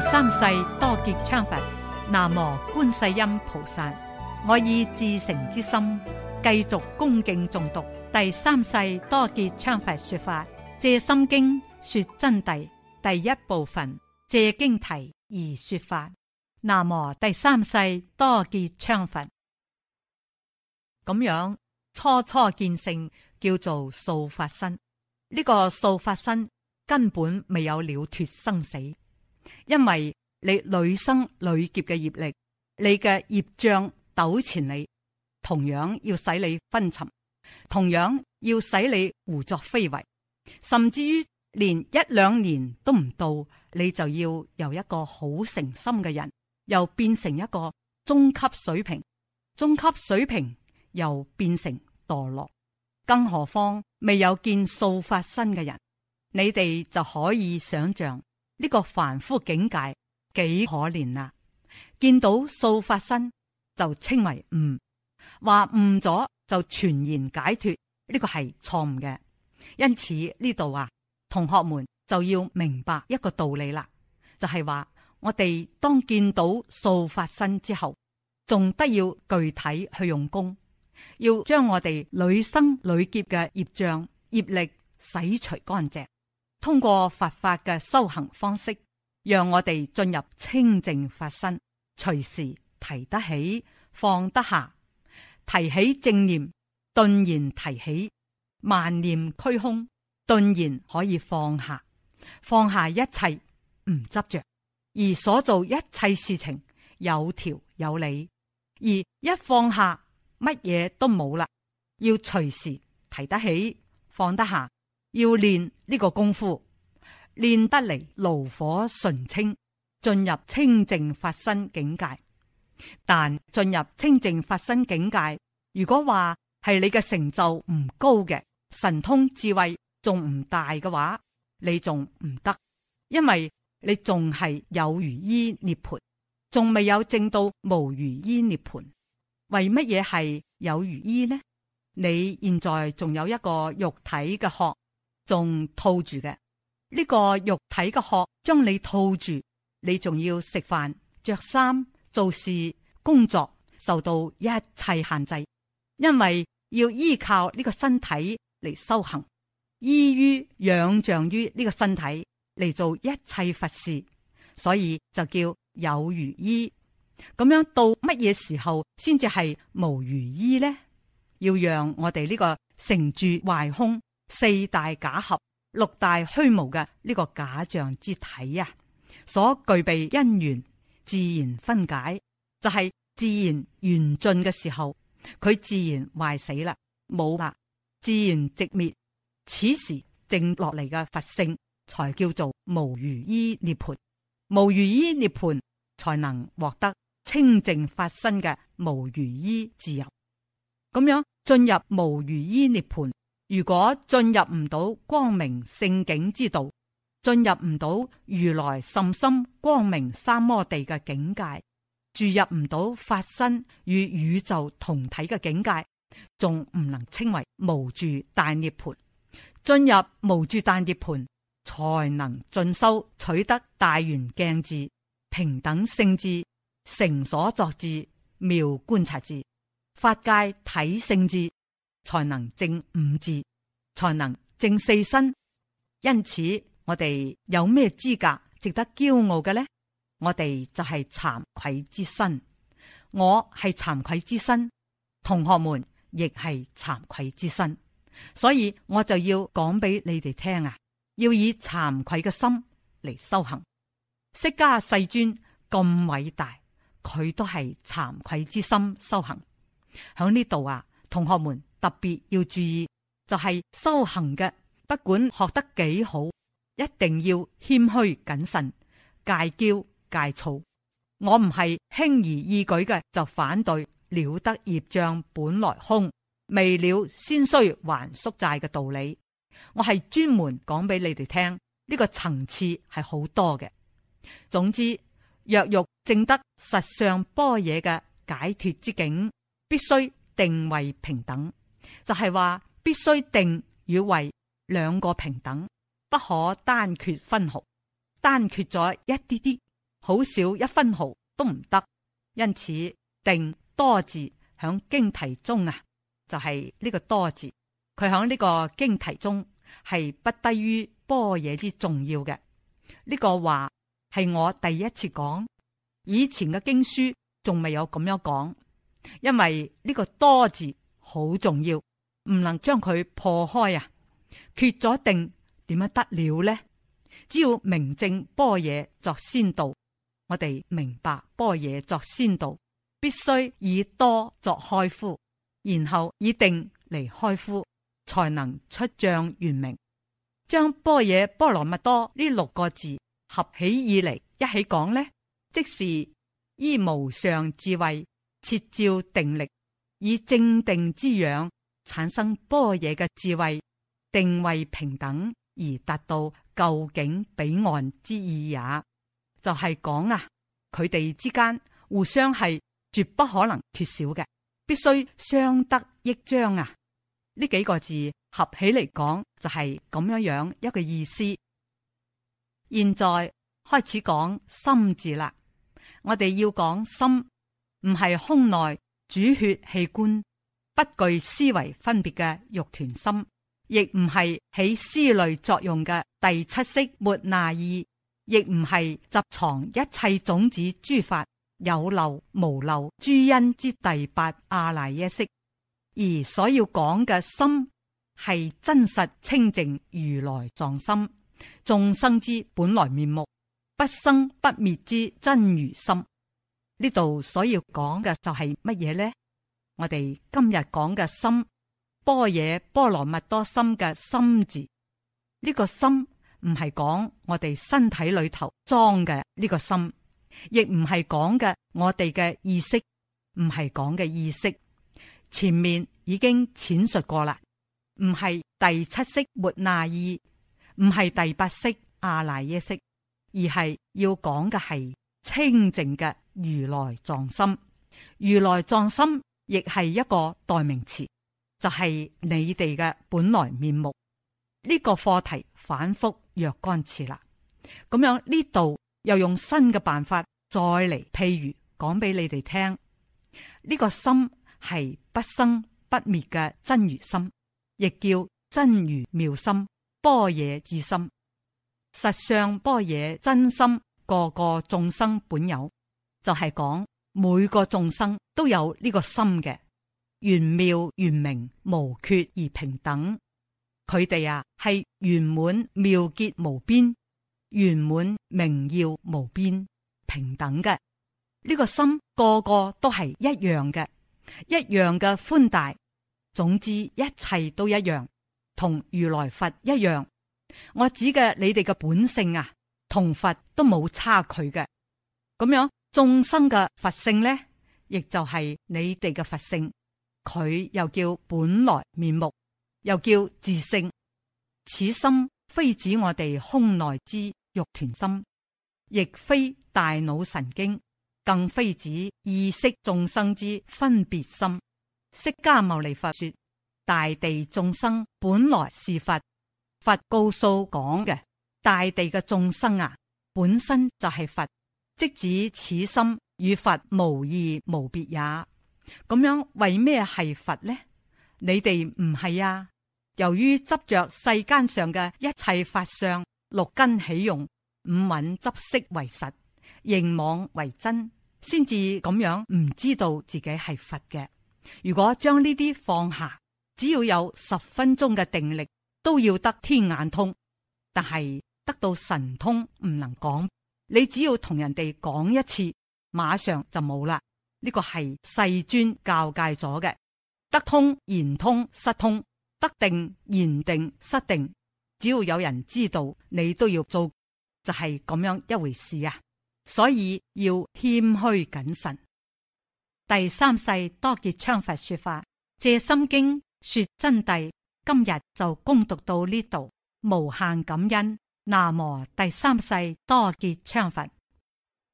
第三世多杰羌佛，南無觀世音菩薩。我以至誠之心，繼續恭敬誦讀第三世多杰羌佛說法《借心經》說真諦第一部分《借經題》而說法。南無第三世多杰羌佛。咁樣初初見性叫做素法身，呢個素法身根本未有了脫生死。因為你屢生屢劫嘅業力，你嘅業障糾纏你，同樣要使你昏沉，同樣要使你胡作非為，甚至於連一兩年都唔到，你就要由一個好誠心嘅人，又變成一個中級水平，中級水平又變成墮落。更何況未有見數發生嘅人，你哋就可以想象。呢、這個凡夫境界幾可憐啊，見到素法身就稱為誤，話誤咗就全然解脫，呢、這個係錯誤嘅。因此呢度啊，同學們就要明白一個道理啦，就係、是、話我哋當見到素法身之後，仲得要具體去用功，要將我哋累生累劫嘅業障業力洗除乾淨。通過佛法嘅修行方式，讓我哋進入清淨法身，隨時提得起放得下，提起正念，頓然提起，萬念俱空，頓然可以放下，放下一切唔執着，而所做一切事情有條有理，而一放下乜嘢都冇啦，要隨時提得起放得下。要練呢個功夫，練得嚟爐火純青，進入清淨法身境界。但進入清淨法身境界，如果話係你嘅成就唔高嘅，神通智慧仲唔大嘅話，你仲唔得，因為你仲係有餘依涅槃，仲未有證到無餘依涅槃。為乜嘢係有餘依呢？你現在仲有一個肉體嘅殼。仲套住嘅呢、這個肉體嘅殼，將你套住，你仲要食飯、着衫、做事、工作，受到一切限制，因為要依靠呢個身體嚟修行，依於仰仗於呢個身體嚟做一切佛事，所以就叫有餘依。咁樣到乜嘢時候先至係無餘依呢？要讓我哋呢個成住壞空。四大假合、六大虛無嘅呢個假象之體啊，所具備因緣自然分解，就係、是、自然緣盡嘅時候，佢自然壞死啦，冇啦，自然寂滅。此時剩落嚟嘅佛性，才叫做無餘依涅盤。無餘依涅盤才能獲得清淨法身嘅無餘依自由。咁樣進入無餘依涅盤。如果進入唔到光明聖境之道，進入唔到如來甚深光明三摩地嘅境界，住入唔到法身與宇宙同體嘅境界，仲唔能稱為無住大涅盤。進入無住大涅盤，才能進修取得大圓鏡智、平等性智、成所作智、妙觀察智、法界體性智。才能正五字，才能正四身。因此，我哋有咩資格值得驕傲嘅呢？我哋就係慚愧之身。我係慚愧之身，同學們亦係慚愧之身。所以我就要講俾你哋聽啊，要以慚愧嘅心嚟修行。釋迦世尊咁偉大，佢都係慚愧之心修行。喺呢度啊，同學們。特別要注意就係、是、修行嘅，不管學得幾好，一定要謙虛謹慎，戒驕戒躁。我唔係輕而易舉嘅就反對了得業障本來空未了，先須還宿債嘅道理。我係專門講俾你哋聽呢個層次係好多嘅。總之，若欲證得實相般若嘅解脱之境，必須定位平等。就係話必須定與為兩個平等，不可單缺分毫，單缺咗一啲啲，好少一分毫都唔得。因此，定多字響經題中啊，就係呢個多字，佢響呢個經題中係不低於般若之重要嘅。呢個話係我第一次講，以前嘅經書仲未有咁樣講，因為呢個多字。好重要，唔能將佢破開啊！決咗定點樣得了呢？只要明正般若作先導，我哋明白般若作先導，必須以多作開夫，然後以定嚟開夫，才能出帳將圓明將般若波羅蜜多呢六個字合起以嚟一起講呢，即是依無上智慧切照定力。以正定之養產生般若嘅智慧，定位平等而達到究竟彼岸之意也，也就係、是、講啊，佢哋之間互相係絕不可能缺少嘅，必須相得益彰啊！呢幾個字合起嚟講就係咁樣樣一個意思。現在開始講心字啦，我哋要講心，唔係胸內主血器官不具思維分別嘅肉團心，亦唔係起思慮作用嘅第七識末那意，亦唔係集藏一切種子諸法有漏無漏諸因之第八阿賴耶識，而所要講嘅心係真實清淨如來藏心，眾生之本來面目，不生不滅之真如心。呢度所要講嘅就係乜嘢咧？我哋今日講嘅心，般若波羅蜜多心嘅心字，呢個心唔係講我哋身體裏頭裝嘅呢個心，亦唔係講嘅我哋嘅意識，唔係講嘅意識。前面已經闡述過啦，唔係第七識末那識，唔係第八識阿賴耶識，而係要講嘅係。清淨嘅如來藏心，如來藏心亦係一個代名詞，就係、是、你哋嘅本來面目。呢、這個課題反覆若干次啦，咁樣呢度又用新嘅辦法再嚟譬如講俾你哋聽。呢、這個心係不生不滅嘅真如心，亦叫真如妙心、般若之心、實相般若真心。個個眾生本有，就係、是、講每個眾生都有呢個心嘅，圓妙圓明、無缺而平等。佢哋啊，係圓滿妙潔無邊，圓滿明耀無邊，平等嘅呢、這個心，個個都係一樣嘅，一樣嘅寬大。總之，一切都一樣，同如來佛一樣。我指嘅你哋嘅本性啊。同佛都冇差距嘅，咁樣眾生嘅佛性呢，亦就係你哋嘅佛性。佢又叫本來面目，又叫自性。此心非指我哋胸內之肉團心，亦非大腦神經，更非指意識眾生之分別心。釋迦牟尼佛說，大地眾生本來是佛。佛告訴講嘅。大地嘅眾生啊，本身就係佛，即指此心與佛無異無別也。咁樣為咩係佛呢？你哋唔係啊？由於執着世間上嘅一切法相，六根起用，五蘊執色為實，認妄為真，先至咁樣唔知道自己係佛嘅。如果將呢啲放下，只要有十分鐘嘅定力，都要得天眼通。但係。得到神通唔能講，你只要同人哋講一次，馬上就冇啦。呢個係世尊教誡咗嘅。得通言通失通，得定言定失定。只要有人知道，你都要做，就係咁樣一回事啊。所以要謙虛謹慎。第三世多杰羌佛說法，借心經說真諦。今日就恭讀到呢度，無限感恩。南無第三世多杰羌佛。